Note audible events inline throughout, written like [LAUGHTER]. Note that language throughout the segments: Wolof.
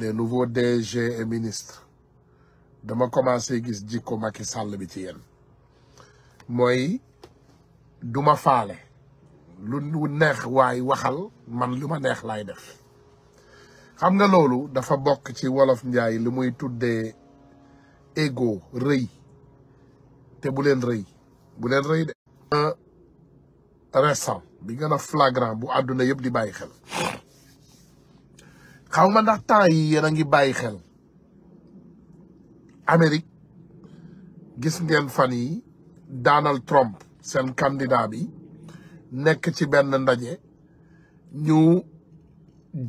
de nouveau DG et ministres dama commencé gis jikko Macky sàll bi ci yéen mooy duma ma faale lu neex waay waxal man lu ma neex laay def xam nga loolu dafa bokk ci wolof njaay lu muy tuddee égo rëy te bu leen rëy bu leen rëy de récent bi gën a flagrant bu àdduna yëpp di bàyyi xel xaw ma ndax temps yi yéen a ngi bàyyi xel Amérique gis ngeen fan yi Donald Trump seen candidat bi nekk ci benn ndaje ñu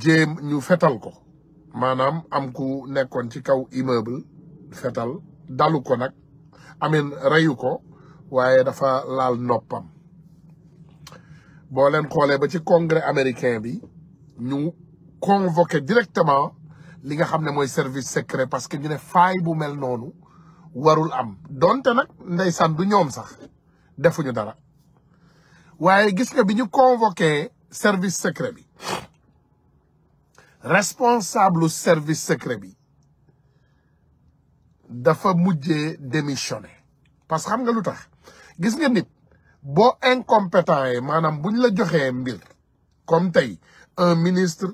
jéem ñu fetal ko maanaam am ku nekkoon ci kaw immeuble fetal dalu ko nag amin reyu ko waaye dafa laal noppam boo leen xoolee ba ci congrès américain bi ñu convoqué directement li nga xamné moy service secret parce que ñu né faay bu mel noonu warul am donte nak ndaysan du ñom sax defuñu dara waye gis nga biñu convoqué service secret bi responsable service secret bi dafa mujjé démissionner parce xam nga lutax gis nga nit bo incompétent manam buñ la joxé mbir comme tay un ministre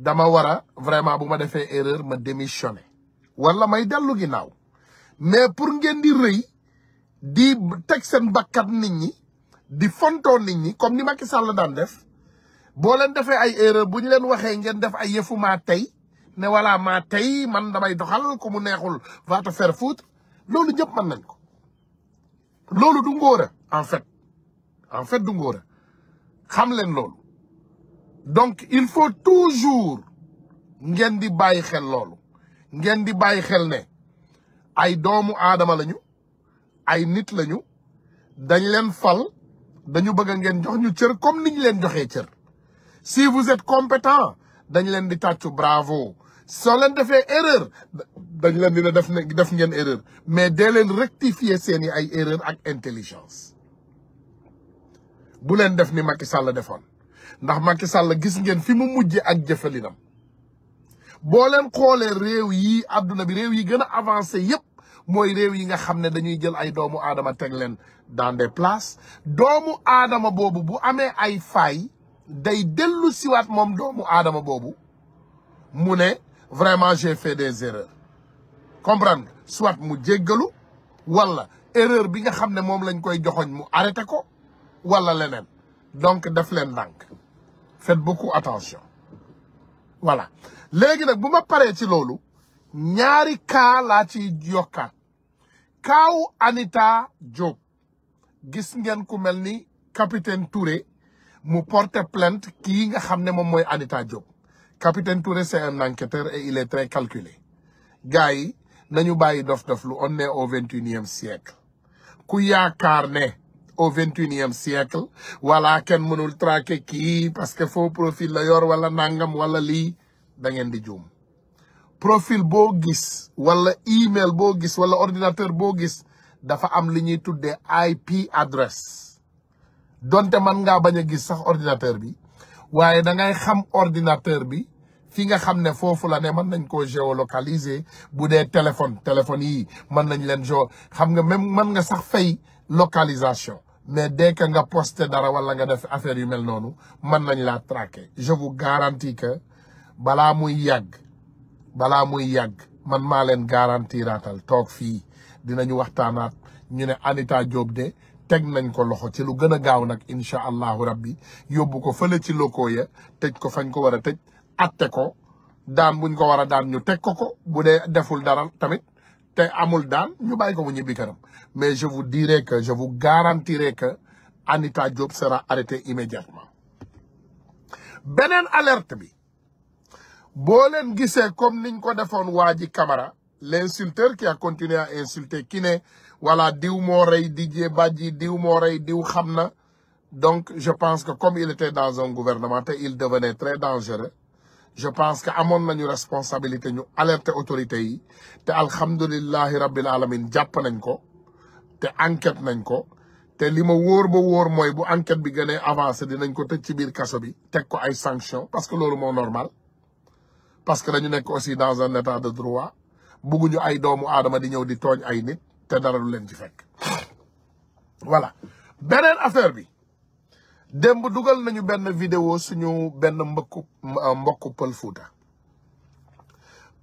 dama war a vraiment bu ma defee erreur ma démissionné wala may dallu ginnaaw mais pour ngeen di rëy di teg seen bakkat nit ñi di fontoo nit ñi comme ni Macky Sall daan def boo leen defee ay erreur bu ñu leen waxee ngeen def ay yëfu maa tey ne voilà maa tey man damay doxal ku mu neexul va te faire foutre loolu ñëpp mën nañ ko loolu du ngóora en fait en fait du ngóora xam leen loolu donc il faut toujours ngeen di bàyyi xel loolu ngeen di bàyyi xel ne ay doomu aadama lañu ay nit lañu dañ leen fal dañu bëgg ngeen jox ñu cër comme ñu leen joxee cër si vous êtes compétent dañ leen di tàccu bravo soo leen defee erreur dañ leen dina def ne def ngeen erreur mais dee leen rectifier seeni ay erreur ak intelligence bu leen def ni Macky Sall defoon ndax Macky Sall gis ngeen fi mu ak bo leen réew yi bi réew yi gëna avancé yépp suis réew yi nga xam dañuy jël ay doomu adama teg dans des places doomu adama bobu bu Amé ay fay day mom doomu adama je suis vraiment j'ai fait des erreurs comprendre soit mu wala erreur bi nga mom lañ koy mu arrêté ko wala lenen donc def leen ndànk faites beaucoup attention voilà léegi nag bu ma paree ci loolu ñaari cas laa ci yokkaat kaawu Anita Diop gis ngeen ku mel ni capitaine Touré mu porte plainte kii nga xam ne moom mooy Anita Diop capitaine Touré c'est un enquêteur et il est très calculé gars yi nañu bàyyi dof-dof lu on est au vingt-et-unième ku yaakaar ne au vingt unième siècle wala kenn mënul traquer kii parce que faux profil la yor wala nangam wala lii da ngeen di juum profil boo gis wala email boo gis wala ordinateur boo gis dafa am li ñuy tuddee IP adresse donte man ngaa bañ a gis sax ordinateur bi waaye da ngay xam ordinateur bi fi nga xam ne foofu la ne mën nañ koo géolocaliser bu dee téléphone téléphone yi mën nañ leen jo xam nga même mën nga sax fay localisation mais dès nga posté dara wala nga def affaire yu mel noonu mën nañ laa traqué je vous garantis que balaa muy yàgg balaa muy yàgg man maa leen garantiraatal toog fii dinañu waxtaanaat ñu ne Anita Diop de teg nañ ko loxo ci lu gën a gaaw nag incha allahu rabbi yóbbu ko fële ci loko ya tëj ko fañ ko war a tëj atte ko daan buñ ko war a daan ñu teg ko ko bu dee deful dara tamit amul dan ñu bay ko mu ñibbi mais je vous dirai que je vous garantirai que Anita Diop sera arrêtée immédiatement Benen alerte bi bo len gissé comme niñ ko defone waji Camara l'insulteur qui a continué à insulter qui ne voilà diw mo rey Didier Badji diw mo rey diw xamna donc je pense que comme il était dans un gouvernement et il devenait très dangereux je pense que amoon nañu responsabilité ñu alerter autorités yi te alhamdulillahi rabbil alamin jàpp nañ ko te enquête nañ ko te li ma wóor ba wóor mooy bu enquête bi gënee avancé dinañ ko tëj ci biir kaso bi teg ko ay sanctions parce que loolu moo normal parce que dañu nekk aussi dans un état de droit bugguñu ay doomu aadama di ñëw di tooñ ay nit te dara du leen ci fekk voilà beneen affaire bi démb dugal nañu benn vidéo suñu benn mbëkku mbokku pël Fuuta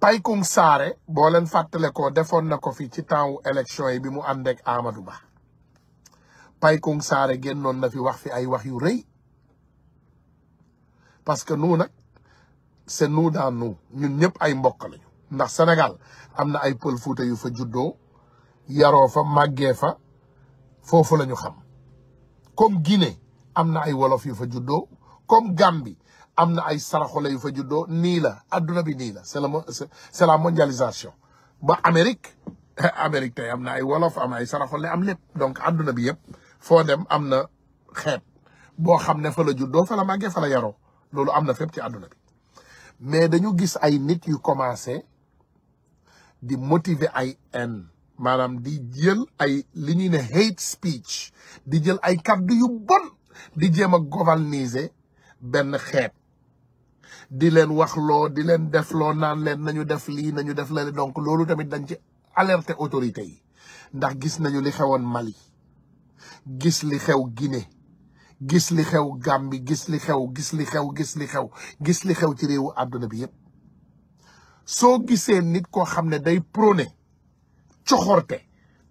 Paykum Saare boo leen fàttale ko defoon na ko fi ci temps wu élection yi bi mu ànd ak Ba Paykum Saare génnoon na fi wax fi ay wax yu rëy parce que nous nag c'est nous dans nous ñun ñëpp ay mbokk lañu ndax senegal am na ay pël Fuuta yu fa juddoo yaroo fa màggee fa foofu la ñu xam comme Guinée am na ay wolof yu fa juddoo comme Gambie am na ay saraxole yu fa juddoo nii la adduna bi nii la c'est la mondialisation ba Amérique [LAUGHS] Amérique tey am na ay wolof am ay saraxole am lépp donc adduna bi yëpp foo dem am na xeet boo xam ne fa la juddoo fa la màggee fa la yaroo loolu am na fépp ci adduna bi mais dañu gis ay nit yu commencé di motiver ay haine maanaam di jël ay li ñuy ne hate speech di jël ay kàddu yu bon di jéem a galvaniser benn xeet di leen waxloo di leen defloo naan leen ñu def lii nañu def lale donc loolu tamit dañ ci alerter autorité yi ndax gis nañu li xewoon Mali gis li xew Guinée gis li xew Gambie gis li xew gis li xew gis li xew gis li xew ci réewu àdduna bi yépp soo gisee nit koo xam ne day prôné coxorte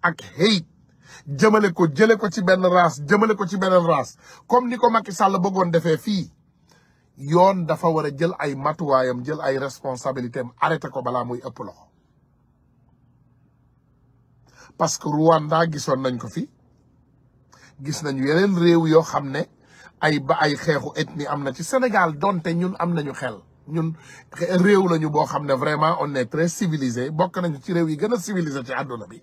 ak hate jëmale ko jële ko ci benn race jëmale ko ci beneen race comme ni ko Macky Sall bëggoon defee fii yoon dafa war a jël ay matuwaayam jël ay responsabilité am arrêté ko balaa muy ëpp loxo parce que Rwanda gisoon nañ ko fi gis nañu yeneen réew yoo xam ne ay ba ay xeexu ethnie am na ci Sénégal donte ñun am nañu xel ñun réew lañu boo xam ne vraiment on est très civilisé bokk nañu ci réew yi gën a civilisé ci àdduna bi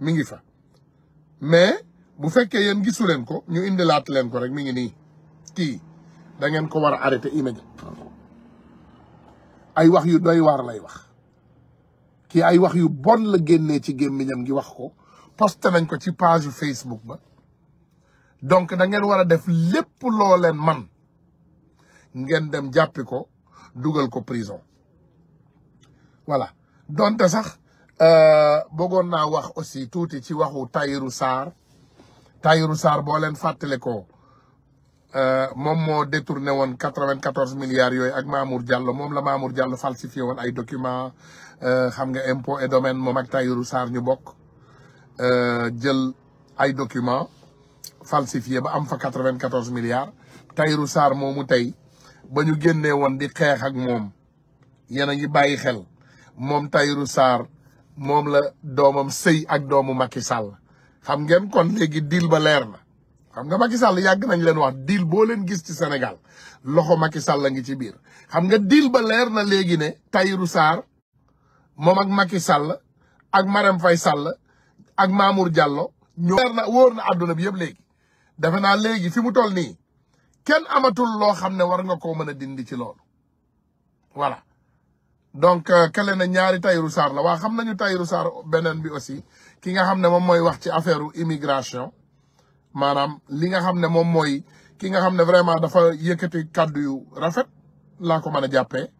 mi ngi fa mais bu fekkee yéen gisu leen ko ñu indi laat leen ko rek mi ngi nii kii da ngeen ko war a arrêté immédiatement ay wax yu doy waar lay wax kii ay wax yu bon la génnee ci gémmiñam ngi wax ko posté nañ ko ci page Facebook ba donc da ngeen war a def lépp loo leen man ngeen dem jàppi ko dugal ko prison voilà donte sax Euh, bëggoon naa wax aussi tuuti ci waxu Tahirou Sarr Tahirou Sarr boo leen fàttale ko euh, moom moo détourné woon quatre-vingt-quatorze milliards yooyu ak Mamour Diallo moom la Mamour Diallo falsifié woon ay documents euh, xam nga impôt et domaine moom ak Tahirou Sarr ñu bokk jël ay documents falsifié ba am fa quatre-vingt-quatorze milliards Tahirou Sarr moomu tey ba ñu génnee woon di xeex ak moom yéen a ngi bàyyi xel moom Tahirou Sarr mom la sei sey ak domu Macky Sall xam ngeen kon legui deal ba leer na xam nga Macky Sall yag nañ leen wax deal bo leen gis ci Senegal loxo Macky Sall la ngi ci bir xam nga deal ba leer na legui ne Tahirou Sarr mom ak Macky Sall ak Maram Fay Sall ak Mamour Diallo na woor na aduna bi yeb legui defe naa fi mu toll ni kenn amatul lo xamne war nga ko meuna dindi ci lool voilà donc kale euh, na ñaari Tahirou saar la waa xam nañu tayru Sarr beneen bi aussi ki nga xam ne moom mooy wax ci affaire immigration maanaam li nga xam ne moom mooy ki nga xam ne vraiment dafa yëkkati kàddu yu rafet laa ko mën a jàppee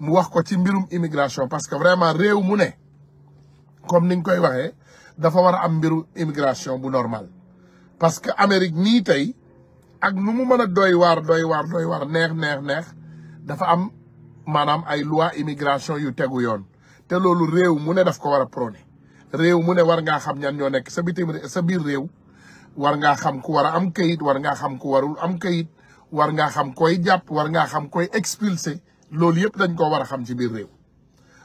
mu wax ko ci mbirum immigration parce que vraiment réew mu ne comme ni nga koy waxee dafa war a am mbiru immigration bu normal parce que Amérique nii tey ak nu mu mën a doy waar doy waar doy waar neex neex neex dafa am maanaam ay loi immigration yu tegu yoon te loolu réew mu ne daf ko war a prôné réew mu ne war ngaa xam ñan ñoo nekk sa bitim sa biir réew war ngaa xam ku war a am kayit war ngaa xam ku warul am kayit war ngaa xam koy jàpp war ngaa xam koy expulsé loolu yëpp dañ ko war a xam ci biir réew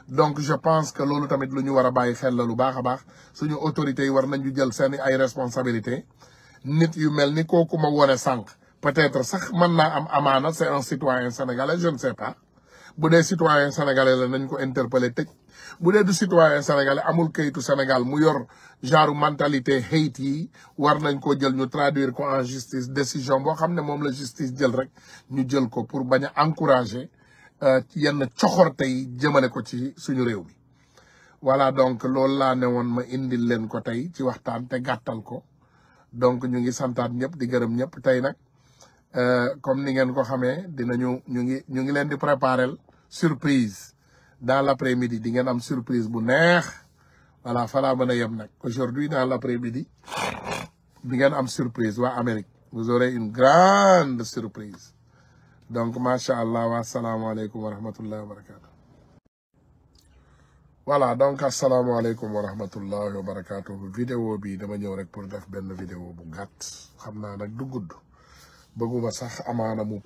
donc je pense que loolu tamit lu ñu war a bàyyi xel la lu baax a baax suñu autorité yi war nañu jël seeni ay responsabilité nit yu mel ni kooku ma wone sànq peut-être sax mën naa am amaana c'est un citoyen sénégalais je ne bu dee citoyen sénégalais la nañ ko interpeller tëj bu dee du citoyen sénégalais amul kayitu Sénégal mu yor genre mentalité hate yi war nañ ko jël ñu traduire ko en justice décision boo xam ne moom la justice jël rek ñu jël ko pour bañ a encourager euh, yenn coxorte yi jëmale ko ci suñu réew mi voilà donc loolu laa ne woon ma indil leen ko tey ci waxtaan te gàttal ko donc ñu ngi santaat ñëpp di gërëm ñëpp tey nag Euh, comme ni le ko nous dinañu ñu ngi ñu surprise dans l'après-midi di ngeen une surprise bu neex voilà il a aujourd'hui dans l'après-midi di ngeen une surprise en Amérique vous aurez une grande surprise donc Masha'Allah. Wa alaikum wa rahmatullahi wa Barakatuh. voilà donc Alaikum wa rahmatullahi wa barakatuh vidéo bi dama ñëw rek pour def benn vidéo bu gàtt xam naa du bëgguma sax amaana mu